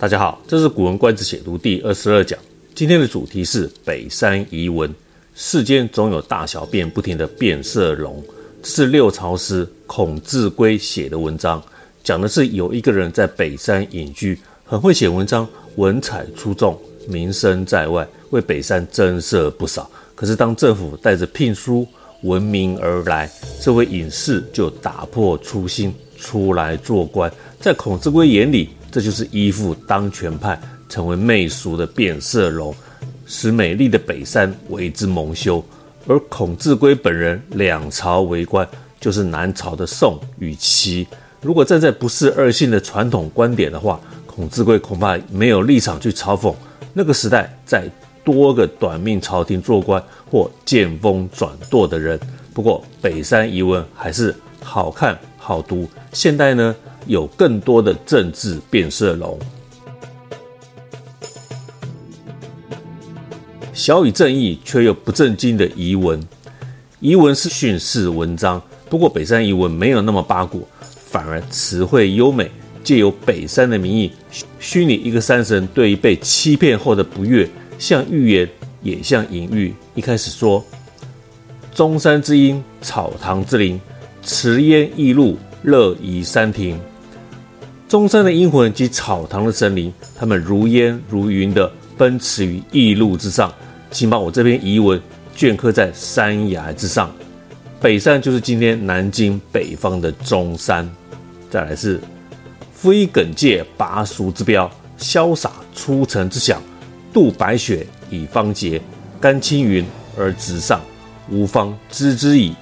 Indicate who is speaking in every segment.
Speaker 1: 大家好，這是《古文觀止》解讀第二十二講。今天的主題是《北山移文》。世間總有大小變不停的變色龍，這是六朝時孔稚圭寫的文章，講的是有一個人在北山隱居，很會寫文章，文采出眾，名聲在外，為北山增色不少。可是當政府帶着聘書聞名而來，這位隱士就打破初心，出來做官。在孔稚圭眼裡，這就是依附當權派，成為媚俗的變色龍，使美麗的北山為之蒙羞。而孔稚圭本人兩朝為官，就是南朝的宋與齊。如果站在不事二姓的傳統觀點的話，孔稚圭恐怕沒有立場去嘲諷那個時代在多個短命朝廷做官或見風轉舵的人。不過，北山移文還是好看好讀。現代呢？有更多的政治變色龍，小與正義卻又不正經的移文。移文是訓示文章，不過北山移文沒有那麼八股，反而詞彙優美，借由北山的名義，虛擬一個山神對於被欺騙後的不悅，像預言也像隱喻。一開始說：“鍾山之音，草堂之靈，馳煙驛路。”樂以山亭，中山的英魂及草堂的神靈，他們如煙如雲的奔馳於驛路之上，請把我這篇移文鐫刻在山崖之上。北山就是今天南京北方的中山。再來是夫以耿介拔俗之標，瀟灑出塵之想，度白雪以方潔，干青雲而直上。吾方知之矣。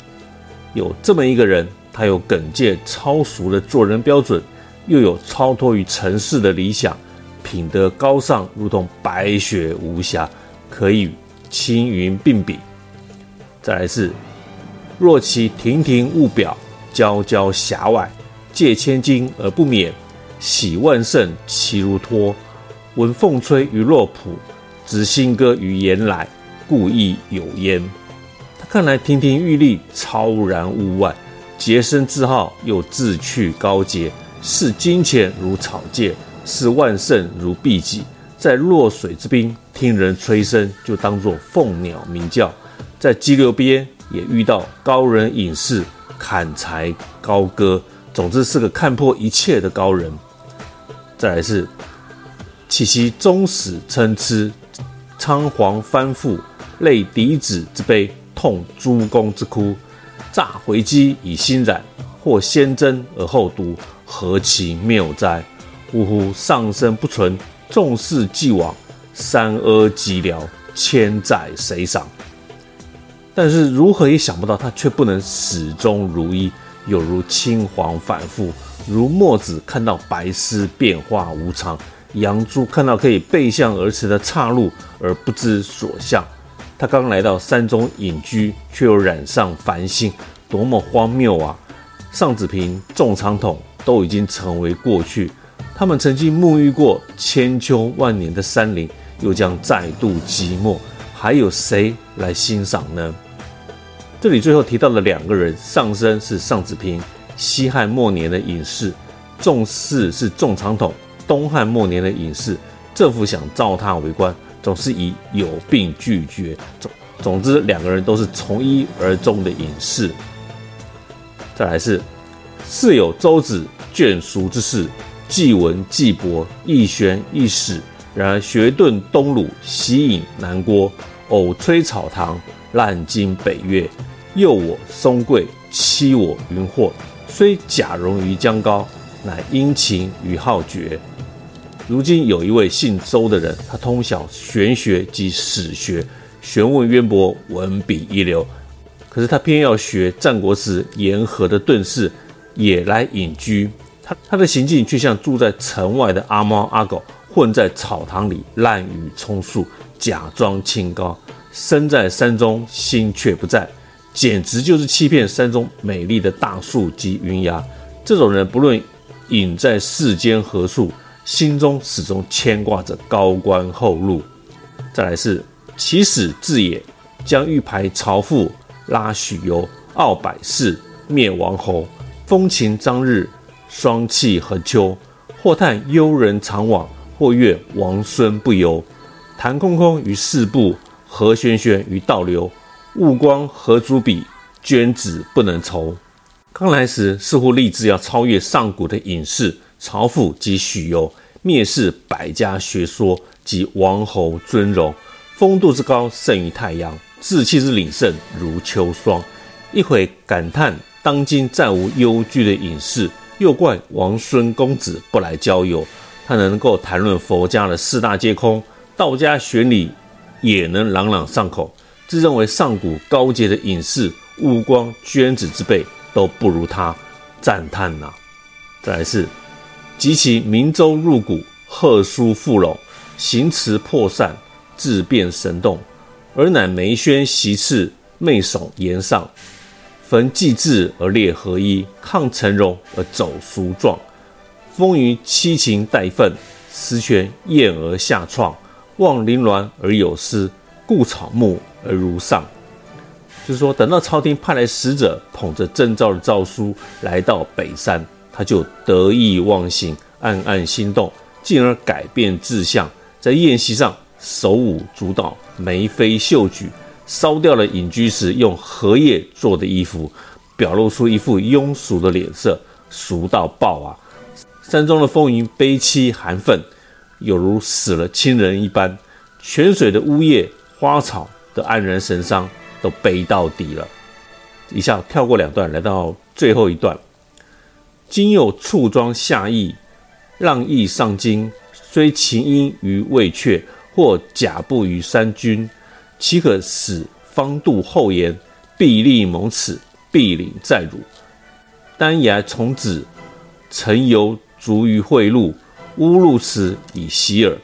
Speaker 1: 有這麼一個人。還有耿介超俗的做人標準，又有超脫於塵世的理想，品德高尚，如同白雪無瑕，可與青雲並比。再來是若其亭亭物表，皎皎霞外，借千金而不免，喜萬乘，其如脫？聞鳳吹於洛浦，執新歌於岩來，固亦有焉。他看來亭亭玉立，超然物外。潔身自好，又志趣高潔，視金錢如草芥，視萬乘如敝屣，在洛水之濱聽人吹笙就當作鳳鳥鳴叫，在激流邊也遇到高人隱士砍柴高歌，總之是個看破一切的高人。再來是，豈期終始參差，倉皇翻覆，淚翟子之悲，痛諸公之哭。乍回跡以心染，或先貞而後黷，何其謬哉！嗚呼，尚生不存，仲氏既往，山阿寂寥，千載誰賞？但是如何也想不到，他卻不能始終如一，有如青黃反覆，如墨子看到白絲變化無常，楊朱看到可以背向而馳的岔路而不知所向。他剛來到山中隱居，卻又染上凡心，多麼荒謬啊！尚子平、仲長統都已經成為過去，他們曾經沐浴過千秋萬年的山林，又將再度寂寞，還有誰來欣賞呢？這裡最後提到的兩個人，上身是尚子平，西漢末年的隱士；仲氏是仲長統，東漢末年的隱士。政府想召他為官。總是以有病拒絕，總總之兩個人都是從一而終的隱士。再來是，世有周子眷俗之士，既文既博，亦玄亦史。然而學遁東魯，習隱南郭，偶吹草堂，濫經北岳，誘我松桂，欺我雲霍。雖假榮於江高，乃殷勤於好爵。如今有一位姓周的人，他通曉玄學及史學，學問淵博，文筆一流。可是他偏要學戰國時顏闔的遁士，也來隱居。他他的行徑卻像住在城外的阿貓阿狗，混在草堂裡濫竽充數，假裝清高，身在山中，心卻不在，簡直就是欺騙山中美麗的大樹及雲崖。這種人不論隱在世間何處。心中始終牽掛着高官厚祿。再來是，其始至也，將欲排巢父，拉許由傲百世，蔑王侯，風情張日，霜氣橫秋。或嘆幽人長往，或怨王孫不由。談空空於四部，何玄玄於道流。物光何足比，涓子不能儔。剛來時似乎立志要超越上古的隱士。巢父及許由，蔑視百家學說及王侯尊榮，風度之高勝於太陽，志氣之凜盛如秋霜。一會感嘆當今再無幽居的隱士，又怪王孫公子不來交友。他能夠談論佛家的四大皆空，道家玄理，也能朗朗上口。自認為上古高潔的隱士、務光、涓子之輩都不如他，讚嘆吶。再來是。及其明州入谷，鶴書復攏，行遲破散，自變神動，而乃梅軒襲次，媚聳言上。焚祭滯而列合一，抗層榮而走俗狀。風雲淒情待憤，石泉咽而下創，望凌亂而有詩故草木而如上。就是說，等到朝廷派來使者，捧着徵召的詔書，來到北山。他就得意忘形，暗暗心動，進而改變志向，在宴席上手舞足蹈，眉飛袖舉，燒掉了隱居時用荷葉做的衣服，表露出一副庸俗的臉色，俗到爆啊！山中的風雲悲悽寒憤，有如死了親人一般，泉水的嗚咽，花草的黯然神傷，都悲到底了。一下跳過兩段，來到最後一段。今又促裝下邑，浪栧上京，雖情投於魏闕，或假步於山扃，豈可使芳杜厚顏，薜荔蒙恥，碧嶺再辱，丹崖重滓，塵遊躅於蕙路，汙淥池以洗耳。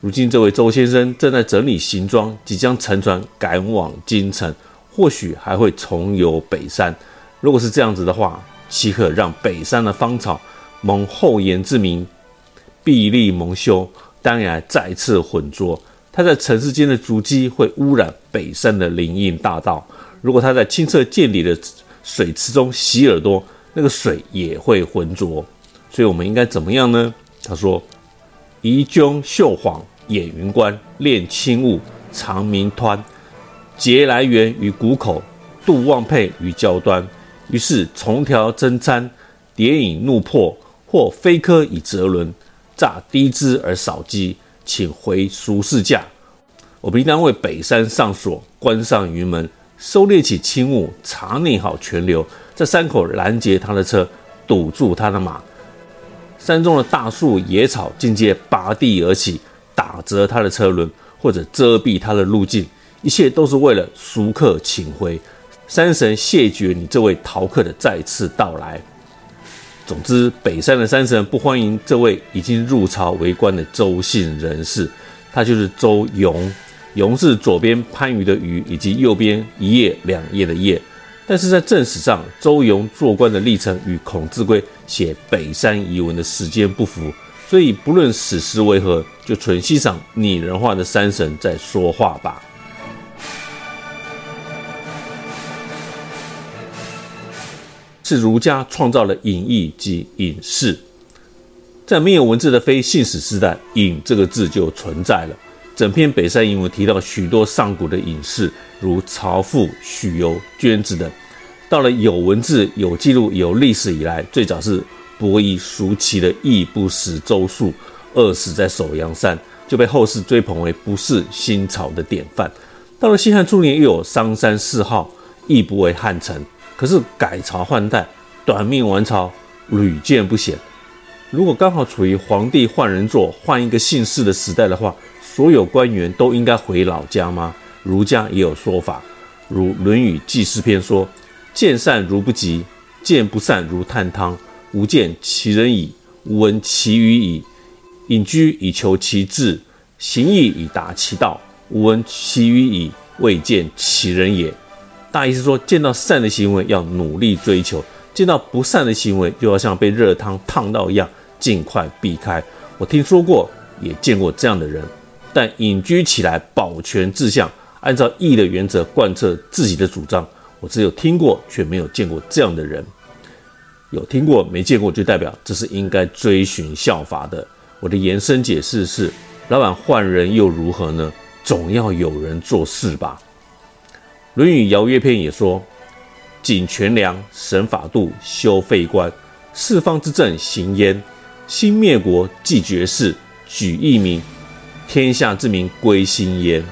Speaker 1: 如今這位周先生正在整理行裝，即將乘船趕往京城，或許還會重遊北山。如果是這樣子的話，豈可讓北山的芳草蒙厚顏之名，薜荔蒙羞？當然再次渾濁。他在城市間的足跡會污染北山的林蔭大道。如果他在清澈見底的水池中洗耳朵，那個水也會渾濁。所以，我們應該怎麼樣呢？他說：宜扃岫幌掩雲關，斂輕霧藏鳴湍。截來轅於谷口，杜妄轡於郊端。於是從增，叢條瞋膽，疊穎怒魄，或飛柯以折輪，乍低枝而掃跡，請回俗士駕。我平常為北山上鎖，關上雲門，收獵起輕霧，查匿好泉流，在山口攔截他的車，堵住他的馬。山中的大樹、野草，盡皆拔地而起，打折他的車輪，或者遮蔽他的路徑。一切都是為了熟客請回。山神謝絕你這位逃客的再次到來。總之，北山的山神不歡迎這位已經入朝為官的周姓人士，他就是周顒。顒是左邊番禺的禺，以及右邊一頁兩頁的頁。但是在正史上，周顒做官的歷程與孔稚圭寫《北山移文》的時間不符，所以不論史實為何，就純欣賞擬人化的山神在說話吧。是儒家創造了隱逸及隱士，在沒有文字的非信史時代，“隱”這個字就存在了。整篇《北山移文》提到許多上古的隱士，如巢父、許由、涓子等。到了有文字、有記錄、有歷史以來，最早是伯夷、叔齊的“義不食周粟”，餓死在首陽山，就被後世追捧為不事新朝的典範。到了西漢初年，又有商山四皓，義不為漢臣。可是改朝換代，短命王朝屢見不鮮。如果剛好處於皇帝換人做、換一個姓氏的時代的話，所有官員都應該回老家嗎？儒家也有說法，如《論語記事篇》說：“見善如不及，見不善如探湯。吾見其人矣，吾聞其語矣。隱居以求其志，行義以達其道。吾聞其語矣，未見其人也。”大意是說，見到善的行為要努力追求，見到不善的行為就要像被熱湯燙到一樣，盡快避開。我聽說過，也見過這樣的人，但隱居起來保全志向，按照義的原則貫徹自己的主張，我只有聽過卻沒有見過這樣的人。有聽過沒見過，就代表這是應該追尋效法的。我的延伸解釋是：老闆換人又如何呢？總要有人做事吧。《論語·堯曰篇》也說：“謹權量，審法度，修廢官，四方之政行焉。興滅國，繼絕世，舉逸民，天下之民歸心焉。”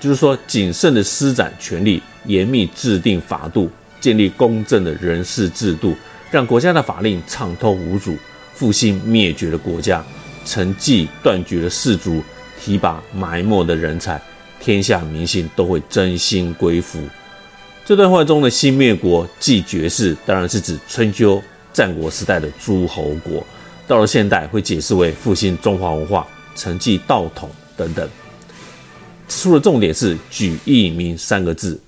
Speaker 1: 就是說，謹慎地施展權力，嚴密制定法度，建立公正的人事制度，讓國家的法令暢通無阻。復興滅絕的國家，承繼斷絕的世族，提拔埋沒的人才。天下民心都會真心歸服。這段話中的“興滅國，繼絕世”，當然是指春秋戰國時代的諸侯國。到了現代，會解釋為復興中華文化、承繼道統等等。書的重點是“舉逸民”三個字。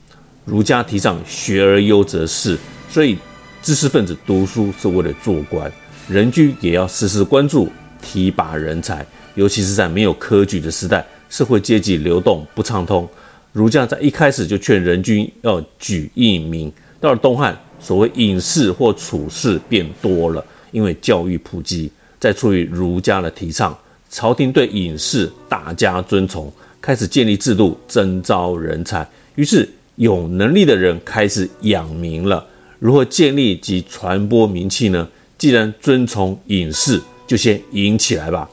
Speaker 1: 儒家提倡“學而優則仕”，所以知識分子讀書是為了做官。人君也要時時關注提拔人才，尤其是在沒有科舉的時代。社會階級流動不暢通，儒家在一開始就勸人君要舉逸民，到了東漢，所謂隱士或處士變多了，因為教育普及，再出於儒家的提倡，朝廷對隱士大加尊崇，開始建立制度徵召人才。於是有能力的人開始揚名了。如何建立及傳播名氣呢？既然尊崇隱士，就先隱起來吧。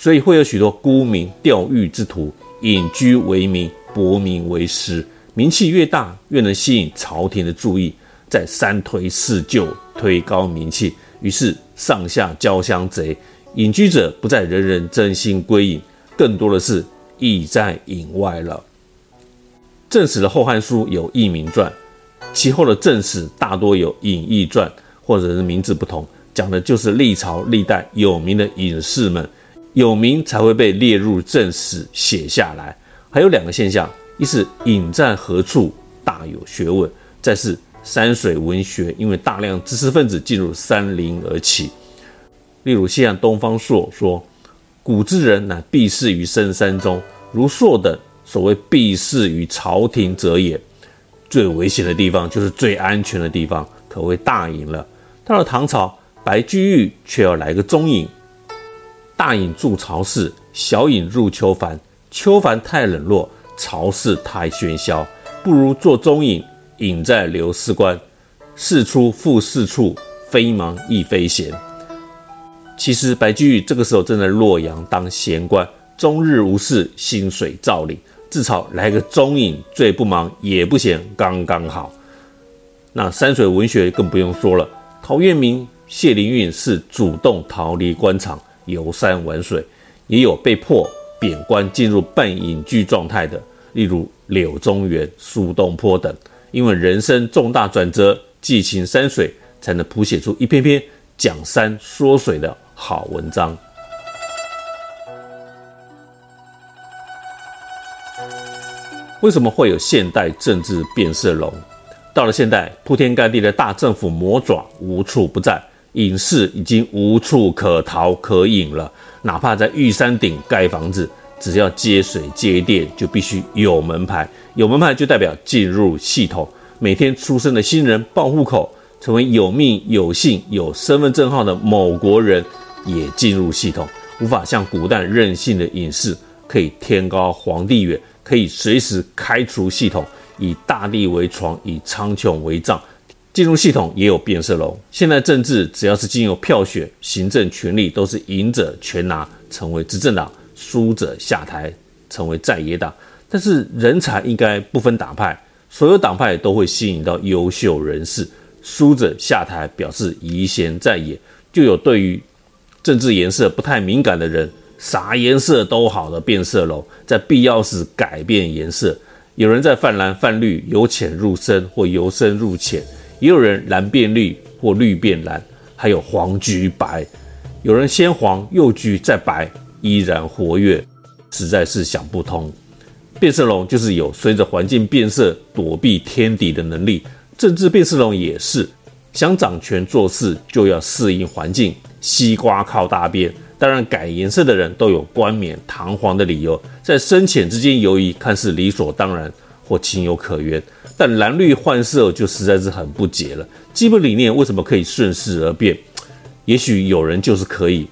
Speaker 1: 所以會有許多沽名釣譽之徒，隱居為名，博名為實。名氣越大，越能吸引朝廷的注意，再三推四就，推高名氣。於是上下交相賊，隱居者不再人人真心歸隱，更多的是意在隱外了。正史的《後漢書》有逸民傳，其後的正史大多有隱逸傳，或者是名字不同，講的就是歷朝歷代有名的隱士們。有名才會被列入正史寫下來，還有兩個現象：一是隱在何處大有學問，再是山水文學因為大量知識分子進入山林而起。例如，像東方朔說：“古之人乃避世於深山中，如朔等所謂避世於朝廷者也。”最危險的地方就是最安全的地方，可謂大隱了。到了唐朝，白居易卻要來個中隱。大隱住朝市，小隱入丘樊。丘樊太冷落，朝市太喧囂，不如做中隱，隱在留司官。似出復似處，非忙亦非閒。其實白居易這個時候正在洛陽當閒官，終日無事，薪水照領，至少來個中隱，最不忙也不閒，剛剛好。那山水文學更不用說了，陶淵明、謝靈運是主動逃離官場。遊山玩水，也有被迫貶官進入半隱居狀態的，例如柳宗元、蘇東坡等。因為人生重大轉折，寄情山水，才能譜寫出一篇篇講山說水的好文章。為什麼會有現代政治變色龍？到了現代，鋪天蓋地的大政府魔爪無處不在。隱士已經無處可逃可隱了，哪怕在玉山頂蓋房子，只要接水接電，就必須有門牌。有門牌就代表進入系統。每天出生的新人報戶口，成為有名有姓有身份證號的某國人，也進入系統。無法像古代任性的隱士，可以天高皇帝遠，可以隨時開除系統，以大地為床，以蒼穹為帳。進入系統也有變色龍。現在政治只要是經由票選，行政權力都是贏者全拿，成為執政黨；輸者下台，成為在野黨。但是人才應該不分黨派，所有黨派都會吸引到優秀人士。輸者下台表示遺賢在野，就有對於政治顏色不太敏感的人，啥顏色都好的變色龍，在必要時改變顏色。有人在泛藍、泛綠，由淺入深或由深入淺。也有人藍變綠或綠變藍，還有黃、橘、白，有人先黃又橘再白，依然活躍，實在是想不通。變色龍就是有隨着環境變色，躲避天敵的能力。政治變色龍也是，想掌權做事，就要適應環境，西瓜靠大邊。當然，改顏色的人都有冠冕堂皇的理由，在深淺之間游移，看似理所當然。或情有可原，但藍綠換色就實在是很不解了。基本理念為什麼可以順勢而變？也許有人就是可以，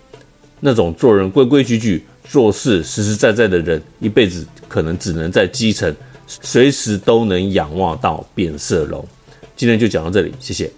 Speaker 1: 那種做人規規矩矩、做事實實在在的人，一輩子可能只能在基層，隨時都能仰望到變色龍。今天就講到這裡，謝謝。